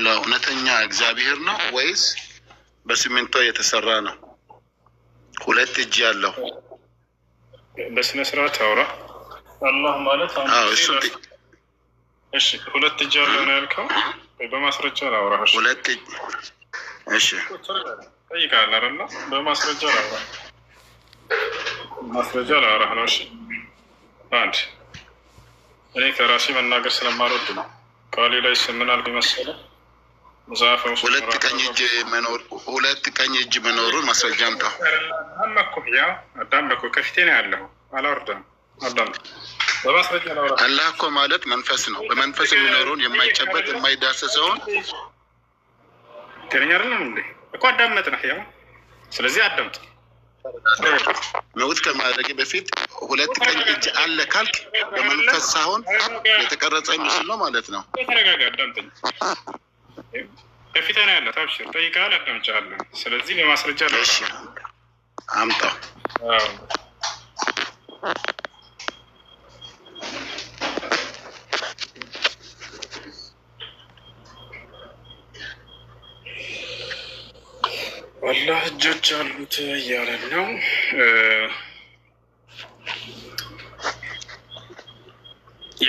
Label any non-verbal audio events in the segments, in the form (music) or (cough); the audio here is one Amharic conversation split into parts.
ስለ እውነተኛ እግዚአብሔር ነው ወይስ በሲሚንቶ የተሰራ ነው? ሁለት እጅ ያለው በስነ ስርዓት አውራ። አላህ ማለት እሺ፣ ሁለት እጅ ያለው ነው ያልከው፣ በማስረጃ ላውራ። ሁለት እጅ እሺ፣ ጠይቃል አይደለ? በማስረጃ ላውራ፣ ማስረጃ ላውራ ነው። እሺ፣ አንድ እኔ ከራሴ መናገር ስለማልወድ ነው። ቃሌ ላይ ስምናል መሰለህ ሁለት ቀኝ እጅ መኖር ሁለት ቀኝ እጅ መኖሩን ማስረጃ አምጣ። አላኩህ ያ አዳመኩ ከፊቴ ነው ያለሁ አላወርደም። አላህ እኮ ማለት መንፈስ ነው። በመንፈስ የሚኖሩን የማይጨበጥ የማይዳሰሰውን ገለኛ አይደለም እንዴ እኮ አዳመጥ ነህ ያው። ስለዚህ አዳምጥ መውት ከማድረግ በፊት ሁለት ቀኝ እጅ አለ ካልክ በመንፈስ ሳይሆን የተቀረጸ ምስል ነው ማለት ነው። ተረጋጋ፣ አዳምጠኝ በፊት ነው ያለ ታብሽር ጠይቀሃል፣ አዳምጫለሁ። ስለዚህ ለማስረጃ ለ አምጣው አላህ እጆች አሉት እያለን ነው።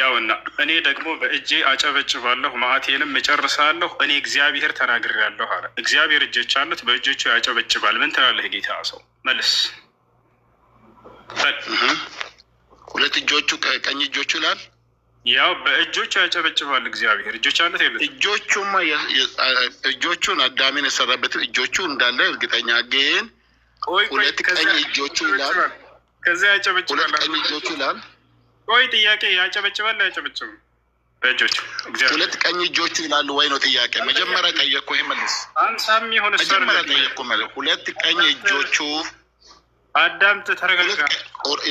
ሕያውና እኔ ደግሞ በእጄ አጨበጭባለሁ መዓቴንም እጨርሳለሁ። እኔ እግዚአብሔር ተናግሬያለሁ አለ። እግዚአብሔር እጆች አሉት፣ በእጆቹ ያጨበጭባል። ምን ትላለህ ጌታ? ሰው መልስ ሁለት እጆቹ ቀኝ እጆቹ ላል ያው በእጆቹ ያጨበጭባል እግዚአብሔር እጆች አለት የለ እጆቹማ እጆቹን አዳሜን የሰራበት እጆቹ እንዳለ እርግጠኛ ግን ሁለት ቀኝ እጆቹ ይላል። ከዚያ ያጨበጭባል ሁለት ቀኝ እጆቹ ይላል ቆይ ጥያቄ ያጨበጭባል አያጨበጭብም? በእጆች ሁለት ቀኝ እጆች ይላሉ ወይ ነው ጥያቄ። መጀመሪያ ጠየቅኩ፣ ይህ መልስ አንሳም የሆነ መጀመሪያ ጠየቅኩ። ሁለት ቀኝ እጆቹ አዳምጥ፣ ተረጋጋ።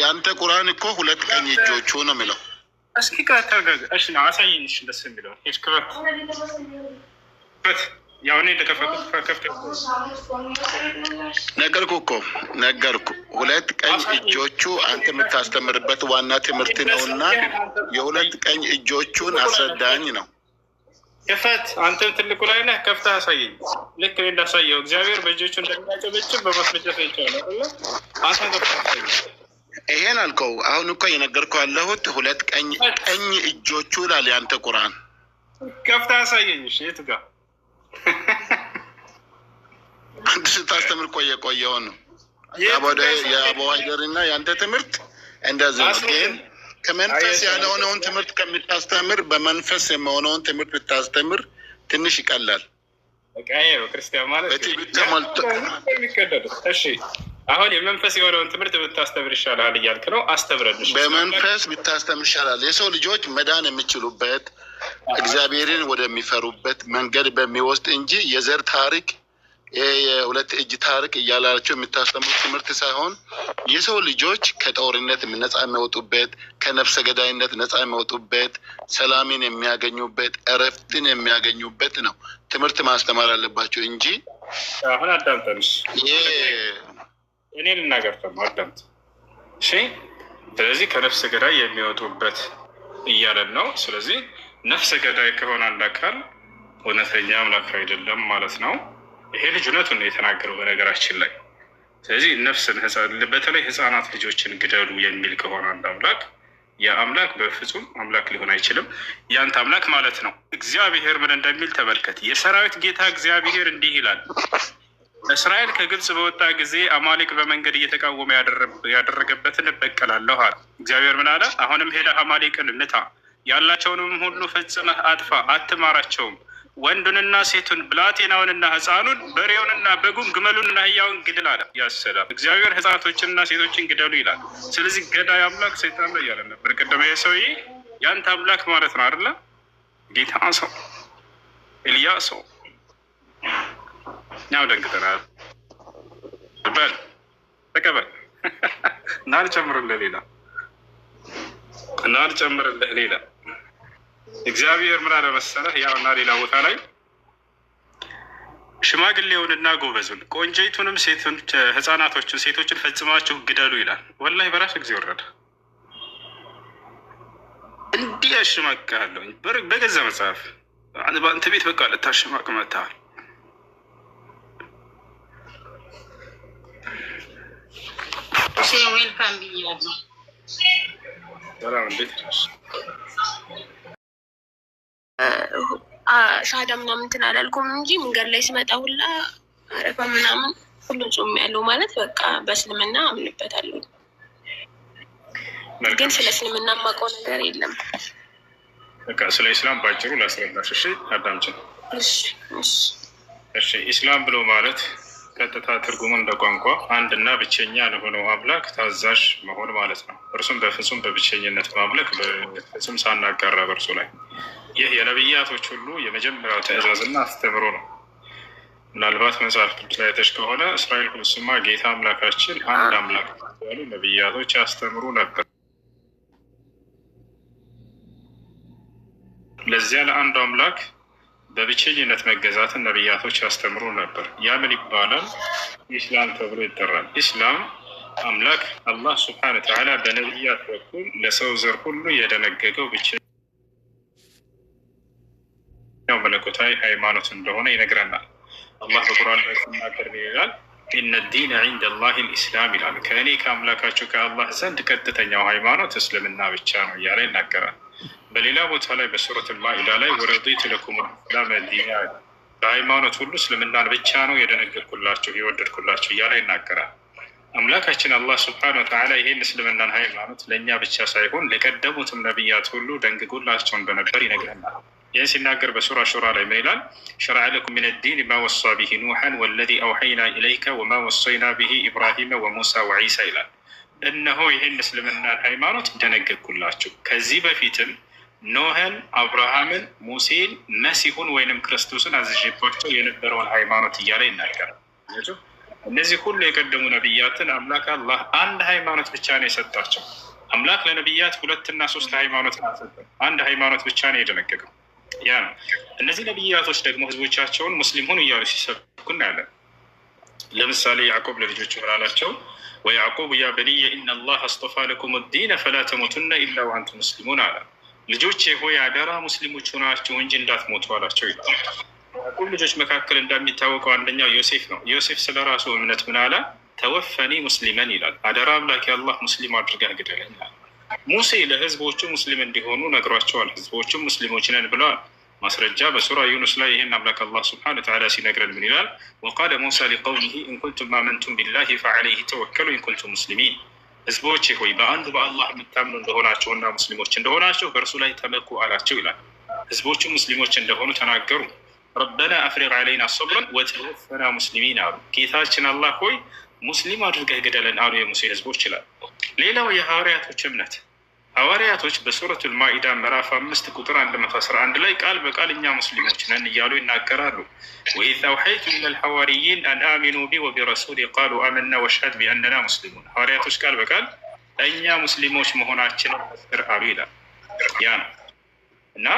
የአንተ ቁርአን እኮ ሁለት ቀኝ እጆቹ ነው የሚለው። እስኪ ተረጋጋ። እሺ ነው አሳየኝ። እሺ ደስ የሚለው በት ያው እኔ እንደከፈትኩት ነገርኩ እኮ ነገርኩ። ሁለት ቀኝ እጆቹ አንተ የምታስተምርበት ዋና ትምህርት ነው እና የሁለት ቀኝ እጆቹን አስረዳኝ ነው። ክፈት፣ አንተም ትልቁ ላይ ነህ። ከፍተህ አሳየኝ፣ ልክ እኔ እንዳሳየው እግዚአብሔር በእጆቹ እንደሚያጨበጭብ በማስረጃ ታይቻለሁ። አንተ ከፍተህ ይሄን አልከው። አሁን እኮ እየነገርኩ ያለሁት ሁለት ቀኝ ቀኝ እጆቹ ላል ያንተ ቁርአን ከፍተህ አሳየኝ። የት ጋር ስታስተምር ቆየ ቆየው ነው የአቦሃይደር እና የአንተ ትምህርት እንደዚህ ግን ከመንፈስ ያልሆነውን ትምህርት ከምታስተምር በመንፈስ የመሆነውን ትምህርት ብታስተምር ትንሽ ይቀላል። አሁን የመንፈስ የሆነውን ትምህርት ብታስተምር ይሻላል እያልክ ነው። አስተምረን በመንፈስ ብታስተምር ይሻላል። የሰው ልጆች መዳን የሚችሉበት እግዚአብሔርን ወደሚፈሩበት መንገድ በሚወስድ እንጂ የዘር ታሪክ ይህ የሁለት እጅ ታርቅ እያላቸው የምታስተምሩት ትምህርት ሳይሆን የሰው ልጆች ከጦርነት ነጻ የሚወጡበት፣ ከነፍሰ ገዳይነት ነጻ የሚወጡበት፣ ሰላምን የሚያገኙበት፣ እረፍትን የሚያገኙበት ነው ትምህርት ማስተማር አለባቸው እንጂ አሁን አዳምጠንሽ እኔ ልናገር ደግሞ አዳምጥ እሺ። ስለዚህ ከነፍሰ ገዳይ የሚወጡበት እያለን ነው። ስለዚህ ነፍሰ ገዳይ ከሆነ አንድ አካል እውነተኛ አምላክ አይደለም ማለት ነው። ይሄ ልጅ እውነቱን ነው የተናገረው በነገራችን ላይ። ስለዚህ ነፍስን በተለይ ህፃናት ልጆችን ግደሉ የሚል ከሆነ አንድ አምላክ የአምላክ በፍጹም አምላክ ሊሆን አይችልም። ያንተ አምላክ ማለት ነው። እግዚአብሔር ምን እንደሚል ተመልከት። የሰራዊት ጌታ እግዚአብሔር እንዲህ ይላል፣ እስራኤል ከግብፅ በወጣ ጊዜ አማሌቅ በመንገድ እየተቃወመ ያደረገበትን እበቀላለሁ አለ። እግዚአብሔር ምን አለ? አሁንም ሄደ አማሌቅን ምታ፣ ያላቸውንም ሁሉ ፈጽመህ አጥፋ፣ አትማራቸውም ወንዱንና ሴቱን ብላቴናውንና ህፃኑን በሬውንና በጉን ግመሉንና ህያውን ግድል አለ። ያሰላ እግዚአብሔር ሕፃናቶችንና ሴቶችን ግደሉ ይላል። ስለዚህ ገዳይ አምላክ ሰይጣን ላይ እያለ ነበር። ቅድመ ሰውዬ ያንተ አምላክ ማለት ነው አይደለ? ጌታ ሰው ኤልያ ሰው ያው ደንግጠናል። በል ተቀበል (laughs) እና አልጨምርልህ ሌላ እና አልጨምርልህ ሌላ እግዚአብሔር ምን አለ መሰለህ? ያው እና ሌላ ቦታ ላይ ሽማግሌውንና ጎበዙን ቆንጆይቱንም ህጻናቶችን ሴቶችን ፈጽማችሁ ግደሉ ይላል። ወላሂ በራሱ ጊዜ ወረደ። እንዲህ ያሸማቅቃለሁ በገዛ መጽሐፍ በአንተ ቤት በቃ ልታሸማቅ መጥተሃል። ዌልካም ብያለሁ። ሰላም እንዴት ሻሃዳ ምናምን እንትን አላልኩም እንጂ መንገድ ላይ ስመጣ ሁላ አረፋ ምናምን ሁሉ ጾም ያለው ማለት በቃ በእስልምና አምንበታለሁ። ግን ስለ እስልምና የማውቀው ነገር የለም። በቃ ስለ ኢስላም ባጭሩ ላስረዳሽ። እሺ አዳምጭን። እሺ ኢስላም ብሎ ማለት ቀጥታ ትርጉሙ እንደ ቋንቋ አንድና ብቸኛ ለሆነው አምላክ ታዛዥ መሆን ማለት ነው። እርሱም በፍጹም በብቸኝነት ማምለክ በፍጹም ሳናጋራ በእርሱ ላይ ይህ የነብያቶች ሁሉ የመጀመሪያው ትእዛዝና አስተምሮ ነው። ምናልባት መጽሐፍ ቅዱስ ላይ ተች ከሆነ እስራኤል ሁሉ ስማ ጌታ አምላካችን አንድ አምላክ ያሉ ነብያቶች ያስተምሩ ነበር። ለዚያ ለአንዱ አምላክ በብቸኝነት መገዛትን ነብያቶች ያስተምሩ ነበር። ያ ምን ይባላል? ኢስላም ተብሎ ይጠራል። ኢስላም አምላክ አላህ ስብሐነ ወተዓላ በነብያት በኩል ለሰው ዘር ሁሉ የደነገገው ብቻ ያው መለኮታዊ ሃይማኖት እንደሆነ ይነግረናል። አላህ በቁርአን ላይ ሲናገር ምን ይላል? ኢነ ዲነ ዒንደ ላሂ ልኢስላም ይላል። ከእኔ ከአምላካቸው ከአላህ ዘንድ ቀጥተኛው ሃይማኖት እስልምና ብቻ ነው እያለ ይናገራል። በሌላ ቦታ ላይ በሱረት ማኢዳ ላይ ወረዲቱ ለኩም ሰላም ዲና፣ በሃይማኖት ሁሉ እስልምናን ብቻ ነው የደነገርኩላቸው የወደድኩላቸው እያለ ይናገራል። አምላካችን አላህ ስብሐነ ወተዓላ ይህን እስልምናን ሃይማኖት ለእኛ ብቻ ሳይሆን ለቀደሙትም ነቢያት ሁሉ ደንግጎላቸው እንደነበር ይነግረናል። ይህን ሲናገር በሱራ ሹራ ላይ ምን ይላል? ሸረዐ ለኩም ሚነ ዲን ማ ወሳ ብሂ ኑሐን ወለዚ አውሐይና ኢለይከ ወማ ወሰይና ብሂ ኢብራሂመ ወሙሳ ወዒሳ ይላል። እነሆ ይህን እስልምናን ሃይማኖት ደነገግኩላችሁ ከዚህ በፊትም ኖህን፣ አብርሃምን፣ ሙሴን፣ መሲሁን ወይንም ክርስቶስን አዝዤባቸው የነበረውን ሃይማኖት እያለ ይናገራል። እነዚህ ሁሉ የቀደሙ ነቢያትን አምላክ አላህ አንድ ሃይማኖት ብቻ ነው የሰጣቸው። አምላክ ለነቢያት ሁለትና ሶስት ሃይማኖት አልሰጠም። አንድ ሃይማኖት ብቻ ነው የደነገገው። ያ ነው። እነዚህ ነቢያቶች ደግሞ ህዝቦቻቸውን ሙስሊም ሁኑ እያሉ ሲሰብኩ እናያለን። ለምሳሌ ያዕቆብ ለልጆቹ ምን አላቸው? ወያዕቆብ ያ በኒየ ላህ አስጠፋ ለኩም ዲነ ፈላ ተሞቱና ኢላ ዋአንቱ ሙስሊሙን አለ። ልጆቼ ሆይ አደራ ሙስሊሞች ሆናቸው እንጂ እንዳትሞቱ አላቸው ይላል። ያዕቆብ ልጆች መካከል እንደሚታወቀው አንደኛው ዮሴፍ ነው። ዮሴፍ ስለ ራሱ እምነት ምን አለ? ተወፈኒ ሙስሊመን ይላል። አደራ አምላክ የአላህ ሙስሊም አድርገህ ግደለኝ ሙሴ ለህዝቦቹ ሙስሊም እንዲሆኑ ነግሯቸዋል። ህዝቦቹም ሙስሊሞች ነን ብለዋል። ማስረጃ በሱራ ዩኑስ ላይ ይህን አምላክ አላህ ስብሐነ ወተዓላ ሲነግረን ምን ይላል? ወቃለ ሙሳ ሊቀውሚሂ ኢንኩንቱም አመንቱም ቢላሂ ፈዐለይሂ ተወከሉ ኢንኩንቱም ሙስሊሚን። ህዝቦቼ ሆይ በአንዱ በአላህ የምታምኑ እንደሆናቸውና ሙስሊሞች እንደሆናቸው በእርሱ ላይ ተመኩ አላቸው ይላል። ህዝቦቹ ሙስሊሞች እንደሆኑ ተናገሩ። ረበና አፍሪቅ ዐለይና ሰብረን ወተወፈና ሙስሊሚን አሉ። ጌታችን አላህ ሆይ ሙስሊም አድርገህ ግደለን አሉ የሙሴ ህዝቦች ይላል። ሌላው የሐዋርያቶች እምነት ሐዋርያቶች በሱረቱል ማኢዳ ምዕራፍ አምስት ቁጥር አንድ መቶ አስራ አንድ ላይ ቃል በቃል እኛ ሙስሊሞች ነን እያሉ ይናገራሉ። ወኢዝ አውሐይቱ ኢለል ሐዋርይን አን አሚኑ ቢ ወቢረሱሊ ቃሉ አመና ወሽሀድ ቢአነና ሙስሊሙን፣ ሐዋርያቶች ቃል በቃል እኛ ሙስሊሞች መሆናችን አሉ ይላል። ያ ነው እና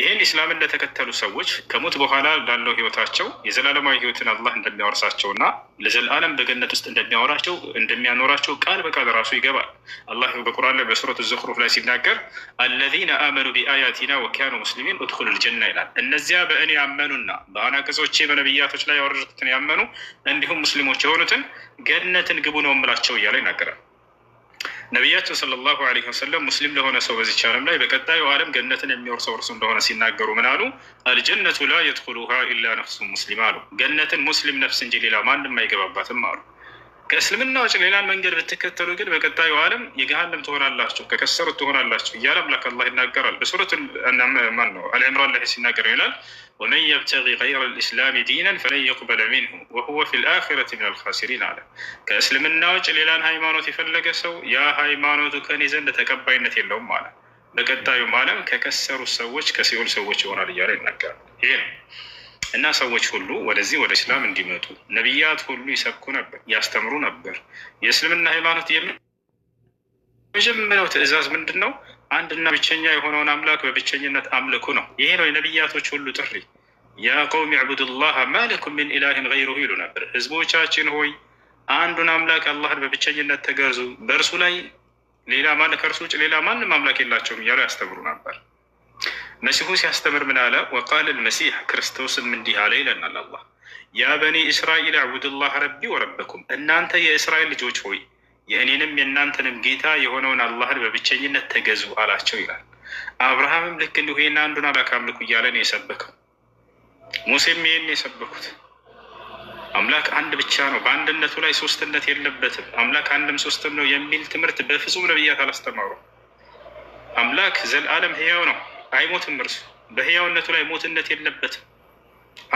ይህን ኢስላምን ለተከተሉ ሰዎች ከሞት በኋላ ላለው ህይወታቸው የዘላለማዊ ህይወትን አላህ እንደሚያወርሳቸው እና ለዘላለም በገነት ውስጥ እንደሚያወራቸው እንደሚያኖራቸው ቃል በቃል ራሱ ይገባል። አላህ በቁርአን ላይ በሱረት ዙኽሩፍ ላይ ሲናገር አለዚነ አመኑ ቢአያቲና ወኪያኑ ሙስሊሚን ኡድኩሉ ልጀና ይላል። እነዚያ በእኔ ያመኑና በአናቅጾቼ በነብያቶች ላይ ያወረድኩትን ያመኑ እንዲሁም ሙስሊሞች የሆኑትን ገነትን ግቡ ነው እምላቸው እያለ ይናገራል። ነቢያችን ሰለላሁ ዐለይሂ ወሰለም ሙስሊም ለሆነ ሰው በዚች ዓለም ላይ በቀጣዩ ዓለም ገነትን የሚወርሰው እርሱ እንደሆነ ሲናገሩ ምን አሉ? አልጀነቱ ላ የድኹሉሃ ኢላ ነፍሱ ሙስሊም አሉ። ገነትን ሙስሊም ነፍስ እንጂ ሌላ ማንም አይገባባትም አሉ። ከእስልምና ውጭ ሌላን መንገድ ብትከተሉ ግን በቀጣዩ ዓለም የገሃነም ትሆናላችሁ ከከሰሩት ትሆናላችሁ እያለ አምላክ አላህ ይናገራል። በሱረት ማን አልዕምራን ላይ ሲናገር ይላል ወመን የብተጊ ገይረ ልእስላሚ ዲነን ፈለን የቅበለ ሚንሁ ወሁወ ፊ ልአኪረት ምን አልካሲሪን አለ። ከእስልምና ውጭ ሌላን ሃይማኖት የፈለገ ሰው ያ ሃይማኖቱ ከኔ ዘንድ ተቀባይነት የለውም አለ። በቀጣዩ ዓለም ከከሰሩት ሰዎች ከሲኦል ሰዎች ይሆናል እያለ ይናገራል። ይሄ ነው እና ሰዎች ሁሉ ወደዚህ ወደ እስላም እንዲመጡ ነቢያት ሁሉ ይሰብኩ ነበር፣ ያስተምሩ ነበር። የእስልምና ሃይማኖት የመጀመሪያው ትዕዛዝ ምንድን ነው? አንድና ብቸኛ የሆነውን አምላክ በብቸኝነት አምልኩ ነው። ይሄ ነው የነቢያቶች ሁሉ ጥሪ። ያ ቀውም ዕቡዱላህ ማለኩም ሚን ኢላህን ገይሩሁ ይሉ ነበር። ህዝቦቻችን ሆይ አንዱን አምላክ አላህን በብቸኝነት ተገዙ፣ በእርሱ ላይ ሌላ ማን ከእርሱ ውጭ ሌላ ማንም አምላክ የላቸውም እያሉ ያስተምሩ ነበር። መሲሁ ሲያስተምር ምን አለ? ወቃል ልመሲሕ ክርስቶስም እንዲህ አለ ይለናል። አላ ያ በኒ እስራኤል አዕቡድላህ ረቢ ወረበኩም፣ እናንተ የእስራኤል ልጆች ሆይ የእኔንም የእናንተንም ጌታ የሆነውን አላህን በብቸኝነት ተገዙ አላቸው ይላል። አብርሃምም ልክ እንዲሁ ይህን አንዱን አምላክ አምልኩ እያለ ነው የሰበከው። ሙሴም ይህን የሰበኩት አምላክ አንድ ብቻ ነው፣ በአንድነቱ ላይ ሶስትነት የለበትም፣ አምላክ አንድም ሶስትም ነው የሚል ትምህርት በፍጹም ነብያት አላስተማሩም። አምላክ ዘለዓለም ህያው ነው። አይሞትም። እርሱ በህያውነቱ ላይ ሞትነት የለበትም።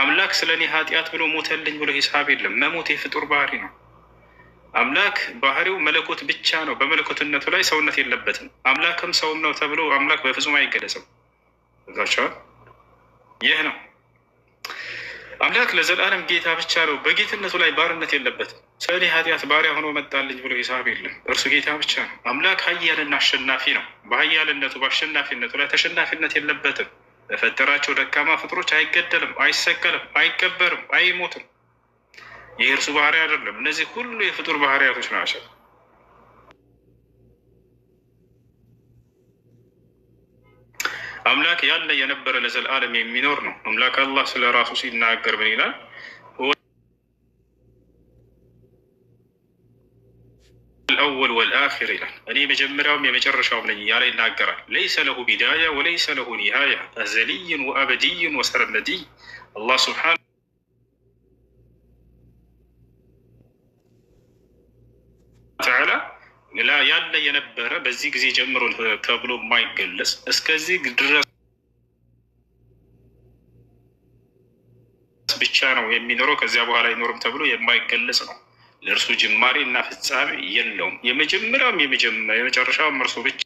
አምላክ ስለ እኔ ኃጢአት ብሎ ሞተልኝ ብሎ ሂሳብ የለም። መሞት የፍጡር ባህሪ ነው። አምላክ ባህሪው መለኮት ብቻ ነው። በመለኮትነቱ ላይ ሰውነት የለበትም። አምላክም ሰውም ነው ተብሎ አምላክ በፍጹም አይገለጽም። ይህ ነው አምላክ ለዘላለም ጌታ ብቻ ነው። በጌትነቱ ላይ ባርነት የለበትም። ሰኔ ኃጢአት ባሪያ ሆኖ መጣልኝ ብሎ ሂሳብ የለም። እርሱ ጌታ ብቻ ነው። አምላክ ኃያልና አሸናፊ ነው። በኃያልነቱ በአሸናፊነቱ ላይ ተሸናፊነት የለበትም። በፈጠራቸው ደካማ ፍጥሮች አይገደልም፣ አይሰቀልም፣ አይቀበርም፣ አይሞትም። ይህ እርሱ ባህሪ አይደለም። እነዚህ ሁሉ የፍጡር ባህሪያቶች ናቸው። አምላክ ያለ የነበረ ለዘላለም የሚኖር ነው። አምላክ አላህ ስለ ራሱ ሲናገር ምን ይላል? አወል ወልአኪር ይላል። እኔ መጀመሪያውም የመጨረሻውም ነኝ እያለ ይናገራል። ለይሰ ለሁ ቢዳያ ወለይሰ ለሁ ኒሃያ አዘልይን ወአበድይን ወሰረመድይ አላህ ስብሓን ያለ የነበረ በዚህ ጊዜ ጀምሮ ተብሎ የማይገለጽ እስከዚህ ድረስ ብቻ ነው የሚኖረው፣ ከዚያ በኋላ አይኖርም ተብሎ የማይገለጽ ነው። ለእርሱ ጅማሬ እና ፍጻሜ የለውም። የመጀመሪያውም የመጨረሻውም እርሱ ብቻ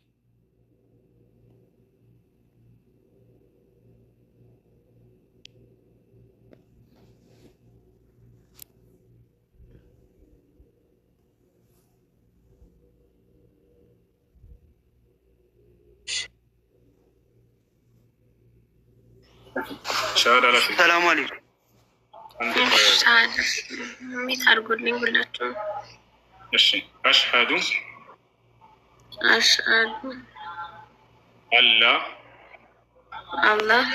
ሻሃዳ ላ ሰላሙ አለይኩም ሚት አድርጉልኝ ሁላችሁ። እሺ አሽሀዱ አሽሀዱ አላ አላህ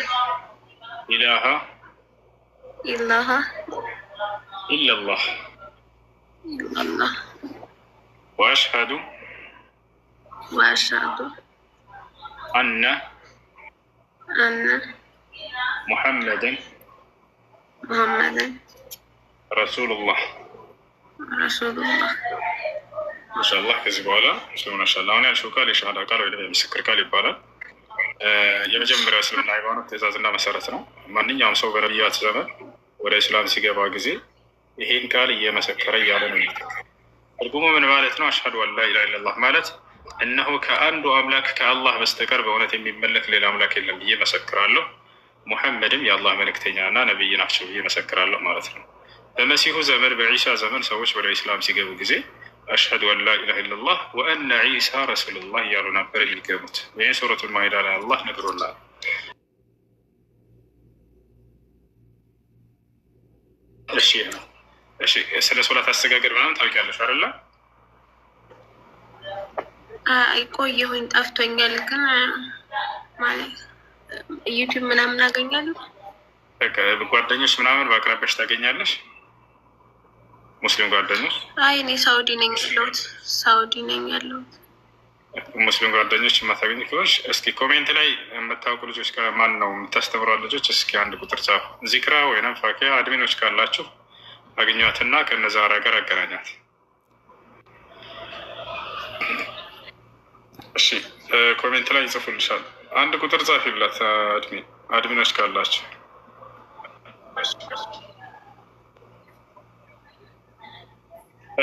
ኢላሃ ኢላሃ ኢላላህ ኢላላህ ወአሽሀዱ ወአሽሀዱ አነ አነ محمدا محمدا رسول الله ኢንሻላህ ከዚህ በኋላ ሙስሊሙን አሻላ አሁን ያልሽው ቃል የሸሃዳ ቃል ወይ የምስክር ቃል ይባላል። የመጀመሪያ እስልምና ሃይማኖት ትእዛዝና መሰረት ነው። ማንኛውም ሰው በነቢያት ዘመን ወደ እስላም ሲገባ ጊዜ ይሄን ቃል እየመሰከረ እያለ ነው። ትርጉሙ ምን ማለት ነው? አሽሀዱ ላ ኢላ ኢላላህ ማለት እነሆ ከአንዱ አምላክ ከአላህ በስተቀር በእውነት የሚመለክ ሌላ አምላክ የለም ብዬ መሰክራለሁ ሙሐመድም የአላህ መልእክተኛና ነቢይ ናቸው ብዬ መሰክራለሁ ማለት ነው። በመሲሁ ዘመን በዒሳ ዘመን ሰዎች ወደ ኢስላም ሲገቡ ጊዜ አሽሀዱ አን ላኢላሃ ኢለላህ ወአነ ዒሳ ረሱሉላህ እያሉ ነበር የሚገቡት። ይህ ሱረቱ ማይዳ ላይ አላህ ነግሮላል። እሺ እሺ ስለ ሶላት አስተጋገድ ምናምን ታውቂያለሽ አይደለ? ቆየሁኝ ጠፍቶኛል ግን ማለት ዩቲዩብ ምናምን አገኛለሁ። ጓደኞች ምናምን በአቅራቢያሽ ታገኛለሽ? ሙስሊም ጓደኞች? አይ እኔ ሳውዲ ነኝ ያለሁት፣ ሳውዲ ነኝ ያለሁት። ሙስሊም ጓደኞች የማታገኝ ክሎች፣ እስኪ ኮሜንት ላይ የምታውቁ ልጆች ማን ነው የምታስተምሯ ልጆች፣ እስኪ አንድ ቁጥር ጻፉ። ዚክራ ወይም ፋኪያ አድሚኖች ካላችሁ አግኟትና ከነዛ ጋር አገናኛት። እሺ ኮሜንት ላይ ይጽፉልሻል። አንድ ቁጥር ጻፊላት አድሚን አድሚኖች ካላቸው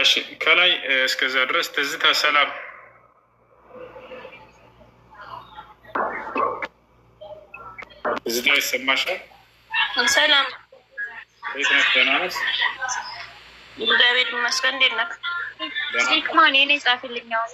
እሺ ከላይ እስከዛ ድረስ ትዝታ ሰላም ትዝታ ይሰማሻል ሰላም ቤት ነህ ደህና ነህ እግዚአብሔር ይመስገን እንዴት ነህ ሴክማን የኔ ጻፊልኛውን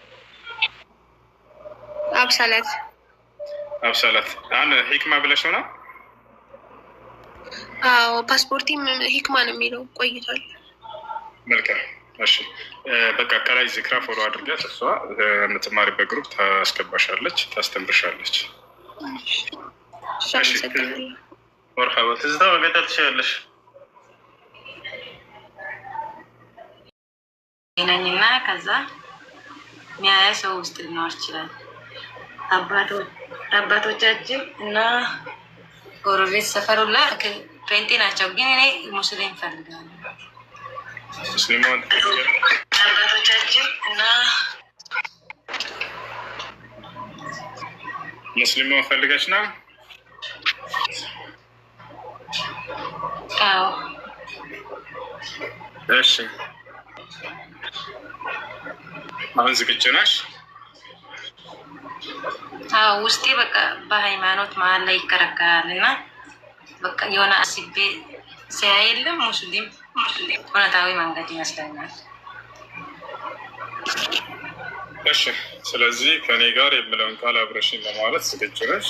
አብሰላት አብሰላት አሁን ሂክማ ብለሽ ነው? አዎ ፓስፖርቲም ሂክማ ነው የሚለው ቆይቷል። መልካም እሺ፣ በቃ ከላይ ዚክራ ፎሎ አድርጋት። እሷ የምትማሪበት ግሩፕ ታስገባሻለች፣ ታስተምርሻለች። መርሐባ ትዝታ መገጠር ትችላለሽ። ነኝና ከዛ ሚያያ ሰው ውስጥ ልኖር ይችላል አባቶቻችን እና ጎረቤት ሰፈሩላ ጴንጤ ናቸው፣ ግን እኔ ሙስሊም ፈልጋለሁ። አባቶቻችን እና ሙስሊም ፈልጋች ና እሺ፣ አሁን ዝግጁ ናሽ? ውስጤ በቃ በሃይማኖት መሀል ላይ ይከረከራል እና በቃ የሆነ አስቤ ሲያየለም ሙስሊም ሙስሊም እውነታዊ መንገድ ይመስለኛል። እሺ፣ ስለዚህ ከኔ ጋር የምለውን ቃል አብረሽኝ ለማለት ዝግጁ ነሽ?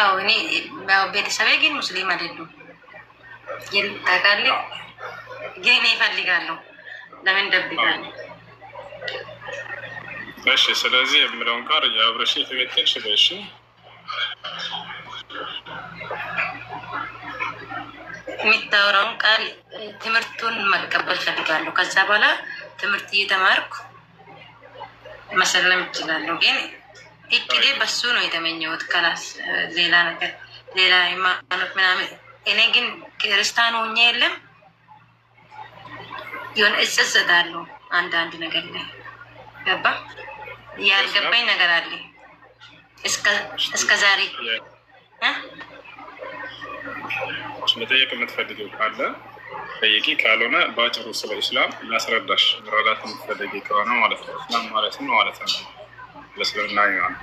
አዎ። እኔ ቤተሰቤ ግን ሙስሊም አይደሉም። ግን ታውቃለህ፣ ግን እኔ እፈልጋለሁ። ለምን ደብቃለሁ? እሺ ስለዚህ የምለውን ቃል አብረሽ የተገጠልሽ በእሺ የሚታወራውን ቃል ትምህርቱን መቀበል ፈልጋለሁ። ከዛ በኋላ ትምህርት እየተማርኩ መሰለም ይችላለሁ። ግን እቅዴ በሱ ነው የተመኘሁት። ከላስ ሌላ ነገር ሌላ ሃይማኖት ምናምን እኔ ግን ክርስቲያን ሆኜ የለም የሆነ እጸጸታለሁ አንዳንድ ነገር ላይ ገባ ያልገባኝ ነገር አለ። እስከ ዛሬ መጠየቅ የምትፈልጊው ካለ ጠይቂ፣ ካልሆነ በአጭሩ ስለ ኢስላም ላስረዳሽ። መረዳት የምትፈልጊ ከሆነ ማለት ነው። ኢስላም ማለት ነው ማለት ነው። ለስልምና ይሆን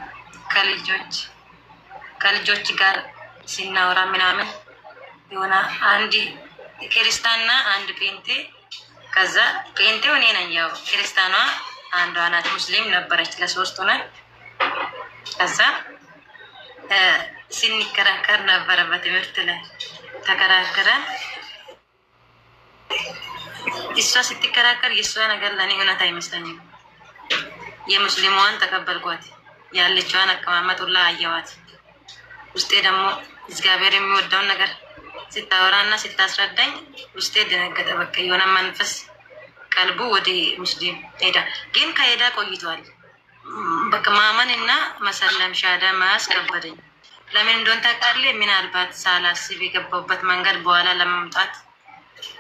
ከልጆች ከልጆች ጋር ሲናወራ ምናምን የሆነ አንድ ክርስቲያንና አንድ ፔንቴ ከዛ ፔንቴው እኔ ነኝ ያው ክርስቲያኗ አንዷ ናት ሙስሊም ነበረች። ለሶስቱ ናት። ከዛ ስንከራከር ነበረ በትምህርት ላይ ተከራከረን። እሷ ስትከራከር የእሷ ነገር ለእኔ እውነት አይመስለኝም። የሙስሊሟን ተቀበልኳት። ያለችዋን አቀማመጥ ሁላ አየዋት። ውስጤ ደግሞ እግዚአብሔር የሚወደውን ነገር ስታወራና ስታስረዳኝ ውስጤ ደነገጠ። በቃ የሆነ መንፈስ ቀልቡ ወደ ሙስሊም ሄዳ፣ ግን ከሄዳ ቆይቷል። በቃ ማመን እና መሰለም ሻዳ መያዝ ከበደኝ። ለምን እንደሆን ታውቃለህ? ምናልባት ሳላስብ የገባሁበት መንገድ በኋላ ለመምጣት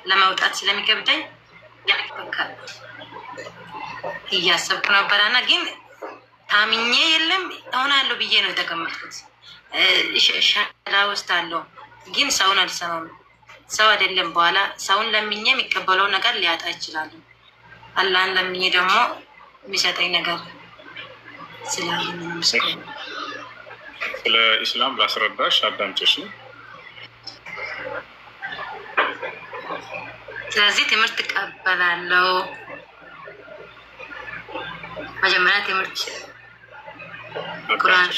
ለመውጣት ስለሚከብደኝ እያሰብኩ ነበረ እና ግን ታምኜ የለም እሆናለሁ ብዬ ነው የተቀመጥኩት። ሻዳ ውስጥ አለው ግን ሰውን አልሰማም። ሰው አይደለም። በኋላ ሰውን ለምኜ የሚቀበለው ነገር ሊያጣ ይችላሉ። አላህን ለምኜ ደግሞ የሚሰጠኝ ነገር ስለ ኢስላም ላስረዳሽ አዳምጭሽ። ስለዚህ ትምህርት እቀበላለሁ። መጀመሪያ ትምህርት ቁርአን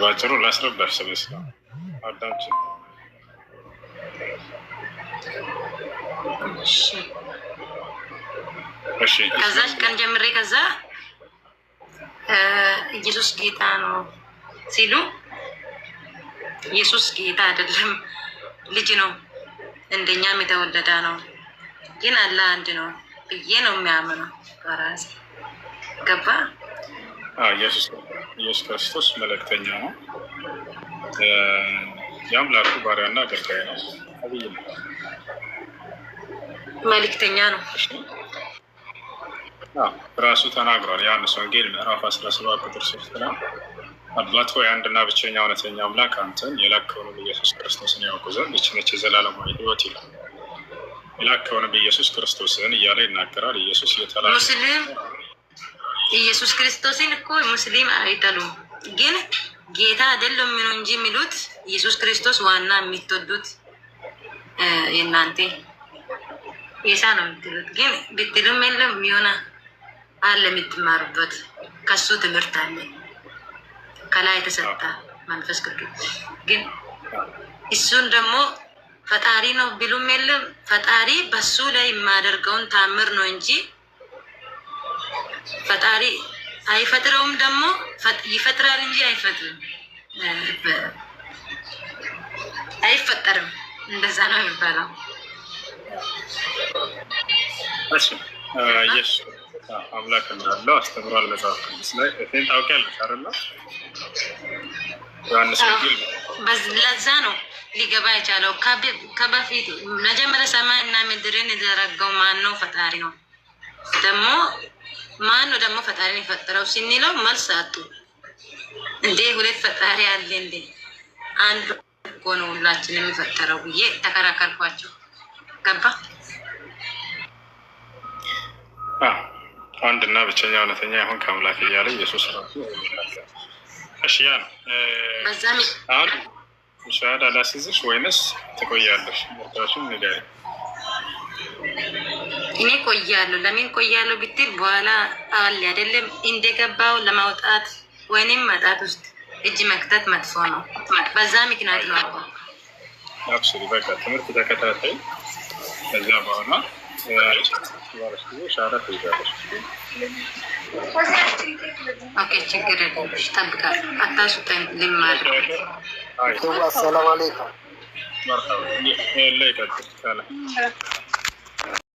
ባጭሩ ላስረዳሽ ስለ ኢስላም አዳምጭ ከዛች ቀን ጀምሬ ከዛ ኢየሱስ ጌታ ነው ሲሉ ኢየሱስ ጌታ አይደለም፣ ልጅ ነው፣ እንደኛም የተወለደ ነው፣ ግን አላህ አንድ ነው ብዬ ነው የሚያምነው በራሴ ገባ። ኢየሱስ ክርስቶስ መልእክተኛ ነው፣ የአምላኩ ባሪያና አገልጋይ ነው። መልእክተኛ ነው ራሱ ተናግሯል። ዮሐንስ ወንጌል ምዕራፍ 17 ቁጥር 3 ላይ አባት ሆይ አንድና ብቸኛ እውነተኛ አምላክ አንተን ኢየሱስ ክርስቶስን ያውቁ ዘንድ ይህች ነች የዘላለማዊ ሕይወት ይላል። ኢየሱስ ክርስቶስን እያለ ይናገራል። ኢየሱስ ሙስሊም ኢየሱስ ክርስቶስን እኮ ሙስሊም አይጠሉም፣ ግን ጌታ አይደለም ነው እንጂ የሚሉት ኢየሱስ ክርስቶስ ዋና የሚትወዱት የእናንተ ኢሳ ነው የምትሉት፣ ግን ብትሉም የለም የሚሆነ አለ የምትማሩበት ከሱ ትምህርት አለ ከላይ የተሰጠ መንፈስ ቅዱስ ግን እሱን ደግሞ ፈጣሪ ነው ቢሉም የለም ፈጣሪ በሱ ላይ የማደርገውን ታምር ነው እንጂ ፈጣሪ አይፈጥረውም። ደግሞ ይፈጥራል እንጂ አይፈጥርም፣ አይፈጠርም። እንደዛ ነው የሚባለው። እሺ የሽ አምላክ እንዳለው አስተምሯል መጽሐፍ ቅዱስ ላይ እቴን ታውቂያለሽ አይደለ? ዮሐንስ ወንጌል ለዛ ነው ሊገባ የቻለው ከበፊት መጀመሪያ ሰማይ እና ምድርን የዘረጋው ማን ነው? ፈጣሪ ነው። ደግሞ ማን ነው ደግሞ ፈጣሪን የፈጠረው ስንለው መልስ አጡ። እንዴ ሁለት ፈጣሪ አለ እንዴ አንዱ አድርጎ ነው ሁላችን የሚፈጠረው ብዬ ተከራከርኳቸው። ገባ አንድና ብቸኛ እውነተኛ ይሁን ከአምላክ እያለ ኢየሱስ ራሱ እሽያ ነው። አሁን ሻሃዳ ላስይዝሽ ወይንስ ትቆያለሽ? ሞታሽን ንገሪኝ። እኔ ቆያለሁ። ለምን ቆያለሁ ብትል በኋላ አለ አይደለም እንደገባው ለማውጣት ወይንም ማጣት ውስጥ እጅ መክተት መጥፎ ነው። በዛ ምክንያት ነው አባ አብሽሪ፣ በቃ ትምህርት ተከታታይ። ከዛ በኋላ ችግር የለሽ። ጠብቃል አታሱ ልማድ አሰላም አለይኩም